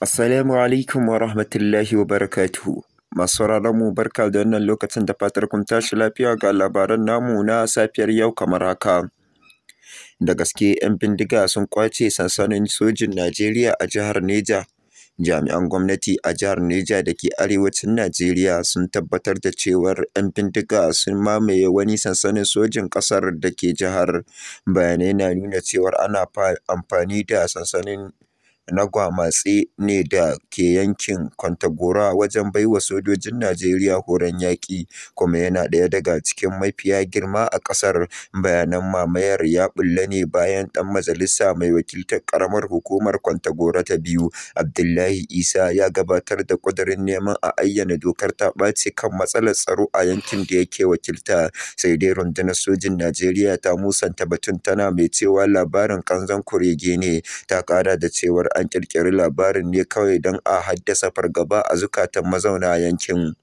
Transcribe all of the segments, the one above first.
Assalamu alaikum wa rahmatullahi wa barakatuhu. Masu mu barka da wannan lokacin da fatar kun tashi lafiya ga labaran namu na safiyar yau kamar haka. Da gaske 'yan bindiga sun kwace sansanin sojin Najeriya a jihar Neja. Jami'an gwamnati a jihar Neja da ke arewacin Najeriya sun tabbatar da cewar 'yan bindiga sun mamaye wani sansanin sojin ƙasar da ke jihar. Bayanai na nuna cewar ana amfani da sansanin matse ne da ke yankin kwantagora wajen baiwa sojojin Najeriya horon yaƙi, kuma yana ɗaya daga cikin mafiya girma a ƙasar. Bayanan mamayar ya ɓulla ne bayan ɗan majalisa mai wakiltar ƙaramar hukumar Kontagora ta Biyu, Abdullahi Isa ya gabatar da ƙudurin neman a ayyana dokar ta-ɓaci kan matsalar tsaro a yankin da yake wakilta, sai dai rundunar sojin Najeriya ta musanta batun tana mai cewa labarin ƙanzan kurege ne, ta ƙara da cewar an ƙirƙiri labarin ne kawai don a haddasa fargaba a zukatan mazauna yankin.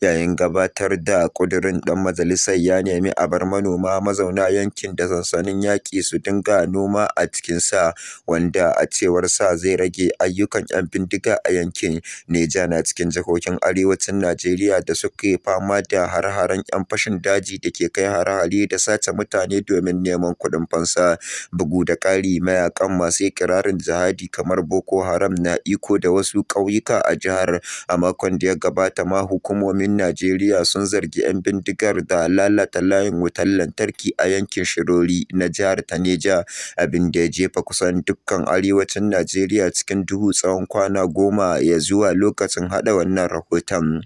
Yayin gabatar da ƙudurin, ɗan majalisar ya nemi a bar manoma mazauna yankin da sansanin yaƙi su dinga noma a cikin sa wanda a cewar sa zai rage ayyukan ‘yan bindiga a yankin. Neja na cikin jihohin Arewacin Najeriya da suke fama da hare-haren ‘yan fashin daji da ke kai hare-hare da sace mutane domin neman kuɗin fansa. Bugu da ƙari, mayakan masu ikirarin jihadi kamar Boko Haram na iko da wasu ƙauyuka a jihar. A makon da ya gabata ma, hukumar Hukumomin Najeriya sun zargi ‘yan bindigar da lalata layin wutar lantarki a yankin Shirori na jihar ta Neja, abin da ya jefa kusan dukkan arewacin Najeriya cikin duhu tsawon kwana goma ya zuwa lokacin haɗa wannan rahoton.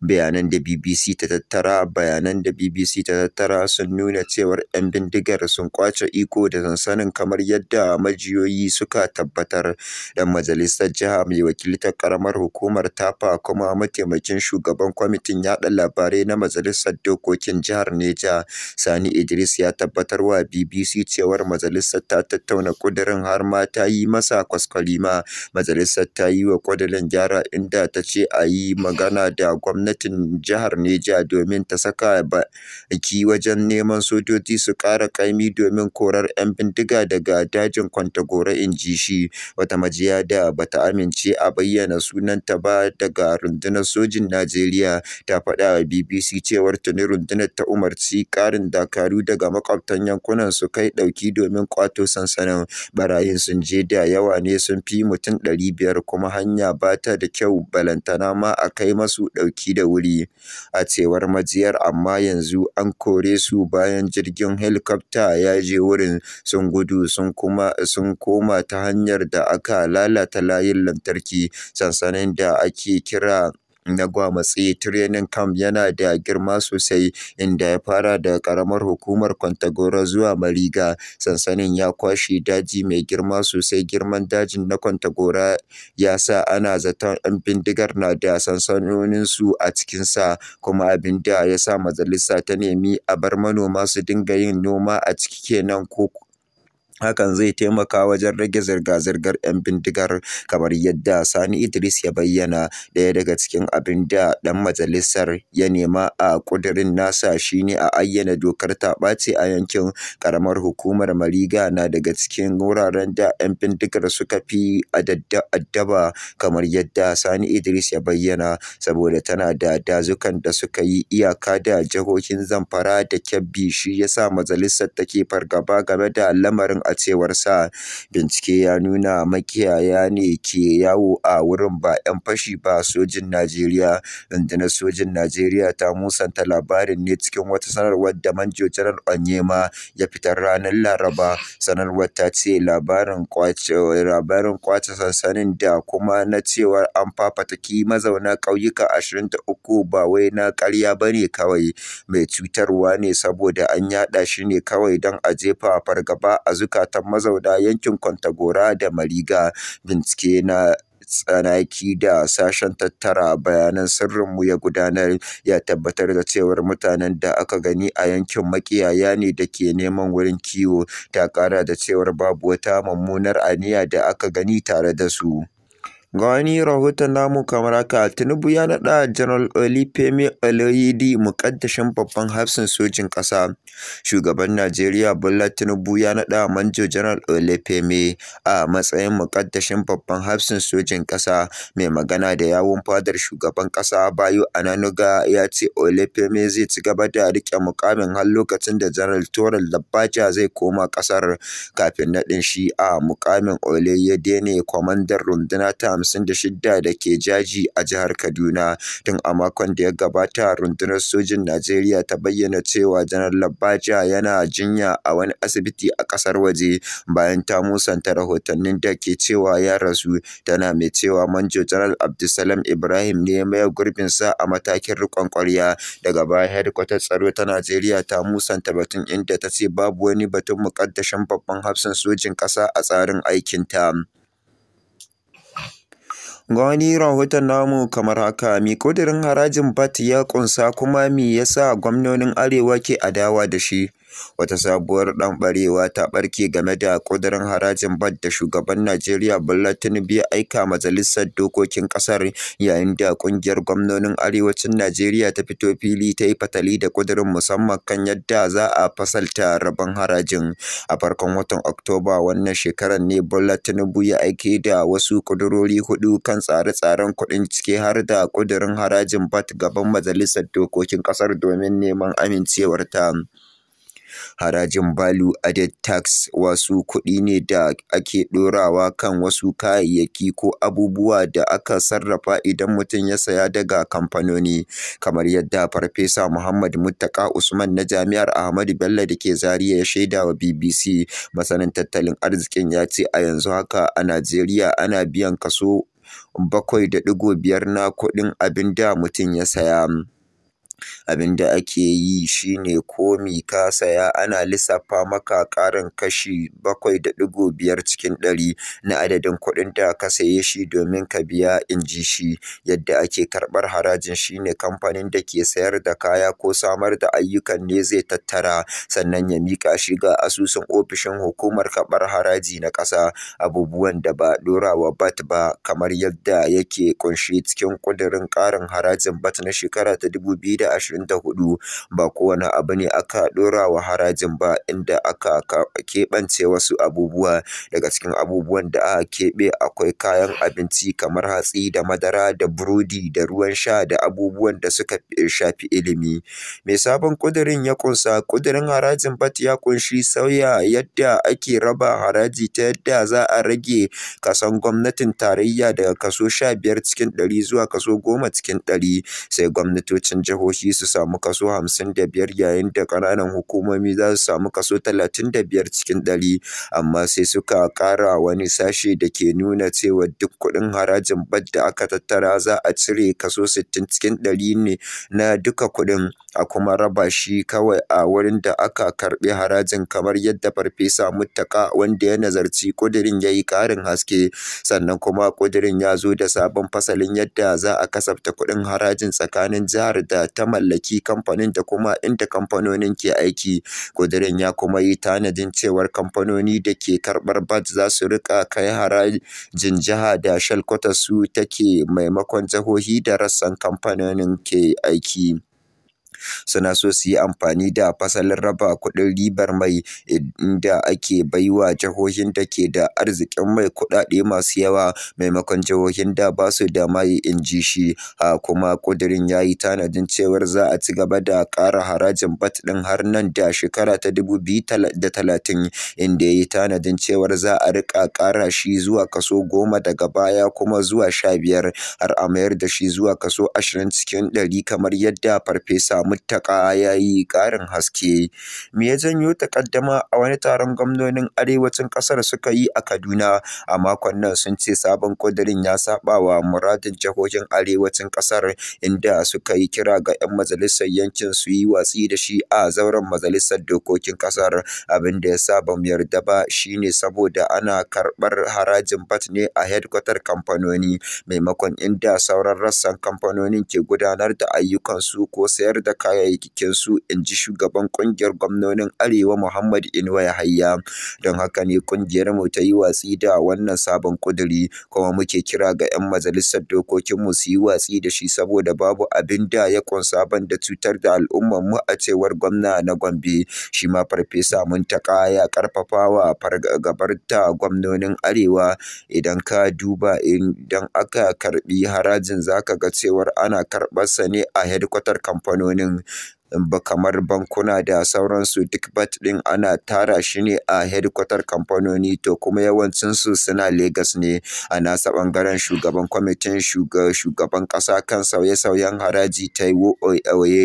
Bayanan da BBC ta tattara Bayanan da BBC ta tattara sun nuna cewar ‘yan bindigar sun kwace iko da sansanin kamar yadda majiyoyi suka tabbatar. dan majalisar jiha mai wakiltar karamar hukumar Tafa kuma mataimakin shugaban kwamitin yaɗa labarai na majalisar dokokin jihar Neja Sani Idris ya tabbatar wa BBC cewar majalisar ta tattauna kudirin har ma ta yi masa kwaskwalima. Majalisar ta yi wa kwadalin gyara inda ta ce a yi magana da gwamnati gwamnatin jihar Neja domin ta saka baki wajen neman sojoji su kara ƙaimi domin korar 'yan bindiga daga dajin Kwantagora, inji shi. Wata majiya da ba amince a bayyana sunanta ba daga rundunar sojin Najeriya ta faɗa wa BBC cewar tuni rundunar ta umarci ƙarin dakaru daga makwabtan yankunan su kai ɗauki domin ƙwato sansanin barayin sun je da yawa ne sun fi mutum ɗari biyar kuma hanya ba ta da kyau balantana ma a kai masu ɗauki da wuri, a cewar majiyar, amma yanzu an kore su bayan jirgin helikwafta ya je wurin, sun gudu sun koma ta hanyar da aka lalata layin lantarki, sansanin da ake kira na Gwamtse Training Camp yana da girma sosai, inda ya fara da karamar Hukumar kwantagora zuwa Mariga, sansanin ya kwashi daji mai girma sosai, girman dajin na kwantagora ya sa ana zaton ‘yan bindigar na da su a cikin sa kuma abin da ya sa majalisa ta nemi a bar manoma su dinga yin noma a ciki kenan ko. hakan zai taimaka wajen rage zirga-zirgar 'yan bindigar kamar yadda Sani Idris ya bayyana daya daga cikin abin da ɗan majalisar ya nema a ƙudurin nasa shine a ayyana dokar ta ɓaci a yankin ƙaramar hukumar Mariga na daga cikin wuraren da 'yan bindigar suka fi addaba kamar yadda Sani Idris ya bayyana saboda tana da dazukan da suka yi iyaka da jihohin Zamfara da Kebbi shi yasa majalisar take fargaba game da lamarin a cewar sa bincike ya nuna makiyaya ne ke yawo a wurin ba 'yan fashi ba. Sojin Najeriya Rundunar Sojin Najeriya ta musanta labarin ne cikin wata sanarwar da Manjo Janar Onyema ya fitar ranar Laraba. Sanarwar ta ce labarin kwace sansanin da kuma na cewar an fafataki mazauna ƙauyuka uku ba wai na ƙarya bane kawai, mai cutarwa ne saboda an yaɗa shi ne kawai don a jefa fargaba a zuka zukatan mazauna yankin Kontagora da Mariga, bincike na tsanaki da sashen tattara bayanan sirrinmu ya gudanar ya tabbatar da cewar mutanen da aka gani a yankin makiyaya ne da ke neman wurin kiwo, ta kara da cewar babu wata mummunar aniya da aka gani tare da su. Ga wani rahoton namu kamar haka, Tinubu ya naɗa Janar olifemi oloyidi muƙaddashin babban hafsan sojin ƙasa. Shugaban Najeriya Bola Tinubu ya naɗa Manjo Janar olifemi a matsayin muƙaddashin babban hafsan sojin ƙasa. Mai magana da yawun fadar shugaban ƙasa Bayo nanuga, ya ce olifemi zai ci gaba da riƙe muƙamin har lokacin da Janar Toral Labbaja zai koma ƙasar. Kafin naɗin shi a muƙamin Oloyede ne kwamandar runduna ta 156 da ke jaji a jihar Kaduna. Tun a makon da ya gabata rundunar sojin Najeriya ta bayyana cewa Janar Labaja yana jinya a wani asibiti a ƙasar waje bayan ta musanta rahotannin da ke cewa ya rasu tana mai cewa Manjo Janar Abdulsalam Ibrahim ne gurbin sa a matakin rikon ƙwarya daga baya hedkwatar tsaro ta Najeriya ta musanta batun inda ta ce babu wani batun muƙaddashin babban hafsan sojin ƙasa a tsarin aikinta. Ga wani rahoton namu kamar haka: Me ƙudurin harajin Bat ya ƙunsa kuma me yasa gwamnonin Arewa ke adawa da shi? Wata sabuwar dan barewa ta barke game da kudirin harajin BAT da Shugaban Najeriya Bola Tinubu ya aika Majalisar Dokokin kasar yayin da kungiyar gwamnonin Arewacin Najeriya ta fito fili ta yi fatali da kudirin musamman kan yadda za a fasalta rabon harajin. A farkon watan Oktoba wannan shekarar ne Bola Tinubu ya aike da wasu kudurori hudu kan tsare-tsaren kudin ciki har da kudirin harajin BAT gaban Majalisar Dokokin kasar domin neman amincewar amincewarta. Harajin Value Added Tax wasu kuɗi ne da ake ɗorawa kan wasu kayayyaki ko abubuwa da aka sarrafa idan mutum ya saya daga kamfanoni, kamar yadda Farfesa Muhammad Muttaqi Usman na Jami'ar Ahmadu Bello da ke Zariya ya wa BBC. Masanin tattalin arzikin ya ce a yanzu haka a Najeriya ana biyan kaso bakwai da biyar na kuɗin abin da mutum ya saya. Abin da ake yi shine ne mi ka saya ana lissafa maka ƙarin kashi bakwai da 7.5 cikin ɗari na adadin kuɗin da ka saye shi domin ka biya, inji shi. Yadda ake karɓar harajin shine kamfanin da ke sayar da kaya ko samar da ayyukan ne zai tattara, sannan ya miƙa shi ga asusun ofishin Hukumar Karɓar Haraji na Ƙasa (abubuwan da ba dorawa bat ba) kamar yadda yake ƙunshe cikin ƙudurin ƙarin harajin bat na shekara ta 2024 ba kowane abu ne aka ɗora wa harajin ba, inda aka keɓance wasu abubuwa. Daga cikin abubuwan da aka keɓe akwai kayan abinci kamar hatsi da madara da burodi da ruwan sha da abubuwan da suka shafi ilimi. mai sabon ƙudirin ya ƙunsa, ƙudirin harajin bat ya ƙunshi sauya yadda ake raba haraji ta yadda za a rage kasan gwamnatin tarayya daga kaso 15 cikin ɗari zuwa kaso 10 cikin ɗari, sai gwamnatocin jihohi jihohi su samu kaso hamsin da biyar yayin da ƙananan hukumomi za su samu kaso talatin da biyar cikin ɗari amma sai suka ƙara wani sashe da ke nuna cewa duk kuɗin harajin bad da aka tattara za a cire kaso sittin cikin ɗari ne na duka kuɗin a kuma raba shi kawai a wurin da aka karɓi harajin kamar yadda farfesa muttaka wanda ya nazarci ƙudirin ya yi ƙarin haske sannan kuma ƙudirin ya zo da sabon fasalin yadda za a kasafta kuɗin harajin tsakanin jihar da ta mallaki kamfanin da kuma inda kamfanonin ke aiki. ƙudirin ya kuma yi tanadin cewar kamfanoni da ke karɓar bat za su riƙa kai harajin jiha da shelkwatar su take maimakon jihohi da rassan kamfanonin ke aiki. suna so su yi amfani da fasalin raba kuɗin ribar mai inda ake baiwa jihohin da ke da arzikin mai kuɗaɗe masu yawa maimakon jihohin da ba su da mai in ji shi a kuma ƙudirin ya yi tanadin cewar za a ci gaba da ƙara harajin bat ɗin har nan da shekara ta dubu biyu da talatin inda ya yi tanadin cewar za a riƙa ƙara shi zuwa kaso goma daga baya kuma zuwa sha biyar har a mayar da shi zuwa kaso ashirin cikin ɗari kamar yadda farfesa mutaka ya yi ƙarin haske. Me ya janyo takaddama a wani taron gwamnonin arewacin ƙasar suka yi a Kaduna a makon nan sun ce sabon ƙudurin ya saɓa wa muradin jihohin arewacin ƙasar inda suka yi kira ga 'yan majalisar yankin su yi watsi da shi a zauren majalisar dokokin ƙasar abin da ya sa ba mu yarda ba shine saboda ana karɓar harajin bat ne a hedkwatar kamfanoni maimakon inda sauran rassan kamfanonin ke gudanar da ayyukansu ko sayar da su kayayyakin in ji shugaban ƙungiyar gwamnonin Arewa Muhammad Inuwa Yahaya. Don haka ne ƙungiyarmu ta yi watsi da wannan sabon kuduri kuma muke kira ga 'yan majalisar dokokinmu su yi watsi da shi saboda babu abin da ya ban da cutar da mu a cewar gwamna na Gombe. Shi ma Farfesa Muntaka ya ƙarfafawa fargabar ta gwamnonin Arewa idan ka duba idan aka karɓi harajin zaka ga cewar ana sa ne a hedkwatar kamfanonin and kamar bankuna da sauransu duk bat ɗin ana tara shi ne a hedkwatar kamfanoni to kuma yawancinsu suna Legas ne. A nasa ɓangaren shugaban kwamitin shugaban ƙasa kan sauye-sauyen haraji ta Taiwo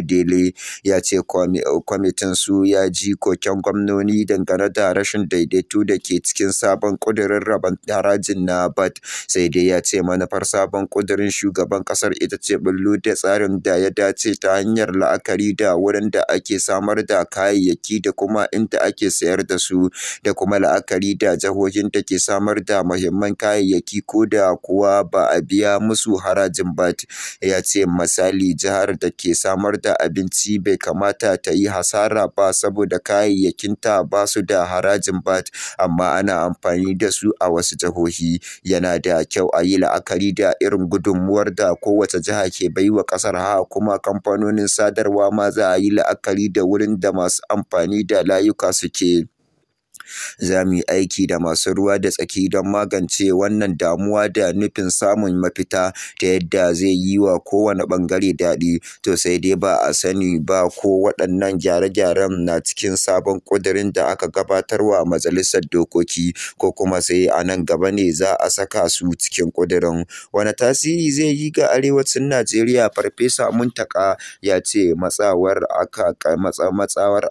dele ya ce kwamitin su ya ji koken gwamnoni dangane da rashin daidaito da ke cikin sabon ƙudurin rabon harajin na bat sai dai ya ce manufar sabon ƙudurin shugaban ƙasar ita ce bullo da tsarin da ya dace ta hanyar la'akari da wurin da ake samar da kayayyaki da kuma inda ake sayar da su da kuma la'akari da jihohin da ke samar da muhimman kayayyaki ko da kuwa ba a biya musu harajin ba ya ce misali jihar da ke samar da abinci bai kamata ta yi hasara ba saboda kayayyakinta ba su da harajin ba amma ana amfani da su a wasu jihohi yana da kyau a yi la'akari da irin gudunmuwar da kowace jiha ke baiwa ƙasar ha kuma kamfanonin sadarwa ma za za a yi la'akari da wurin da masu amfani da layuka suke. Za mu yi aiki da masu ruwa da tsaki don magance wannan damuwa da nufin samun mafita ta yadda zai yi wa kowane ɓangare daɗi, to sai dai ba a sani ba ko waɗannan gyare-gyaren na cikin sabon ƙudurin da aka gabatarwa a Majalisar Dokoki ko kuma sai a nan gaba ne za a saka su cikin ƙudurin. Wane tasiri zai yi ga Arewacin Najeriya? Farfesa Muntaka ya ce matsawar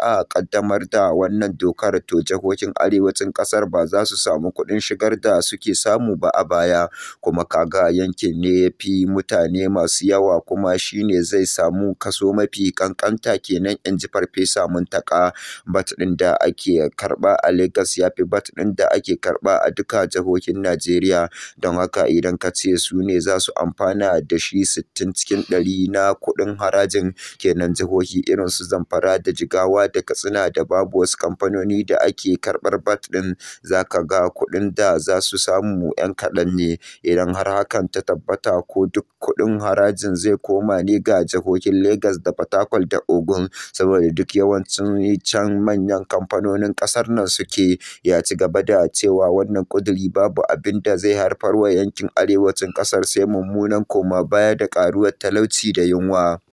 a ƙaddamar da wannan dokar to jihohi yankin arewacin ƙasar ba za su samu kuɗin shigar da suke samu ba a baya kuma kaga yankin ne ya fi mutane masu yawa kuma shi ne zai samu kaso mafi ƙanƙanta kenan in ji farfesa muntaka bat ɗin da ake karɓa a lagos ya fi bat ɗin da ake karɓa a duka jihohin Najeriya don haka idan ka ce su ne za su amfana da shi sittin cikin ɗari na kuɗin harajin kenan jihohi irin su Zamfara da Jigawa da Katsina da babu wasu kamfanoni da ake karɓar bat ɗin za ka ga kuɗin da za su samu 'yan kaɗan ne idan har hakan ta tabbata ko duk kuɗin harajin zai koma ne ga jihohin Legas da Fatakwal da Ogun saboda duk yawancin can manyan kamfanonin ƙasar nan suke ya ci gaba da cewa wannan ƙuduri babu abin da zai haifar wa yankin arewacin ƙasar sai mummunan koma baya da ƙaruwar talauci da yunwa.